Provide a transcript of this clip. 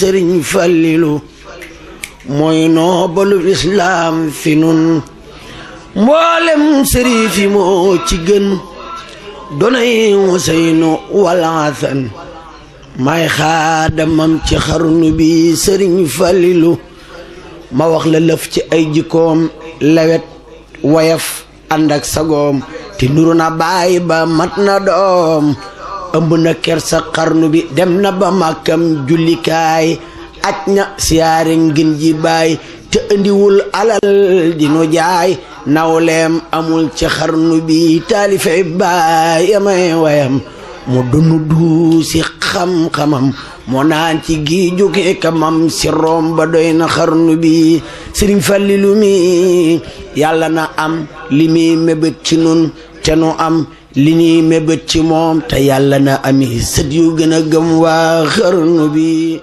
sëriñ Fallilu mooy noobalu islaam fi nun mboolem sëriif yi moo ci gën donay Useynu wal may xaadamam ci xarnu bi sëriñ falilu ma wax la lëf ci ay jikkoom lawet wayaf ànd sagoom te nuru na baay ba mat na doom ëmb na kersa xarnu bi dem na ba màkkam jullikaay aj na siyaare ngin ji baay te indiwul alal dinu jaay nawleem amul ci xarnu bi taalifey baay amay mu dunu du si xam-xamam moo naan ci gi jóge kamam si room ba doy na xarnu bi sëriñ Fàllilu mi na am li muy ci nun te nu am li ñuy mébét ci moom te yàlla na ami sët yu gën a gëm waa xarnu bi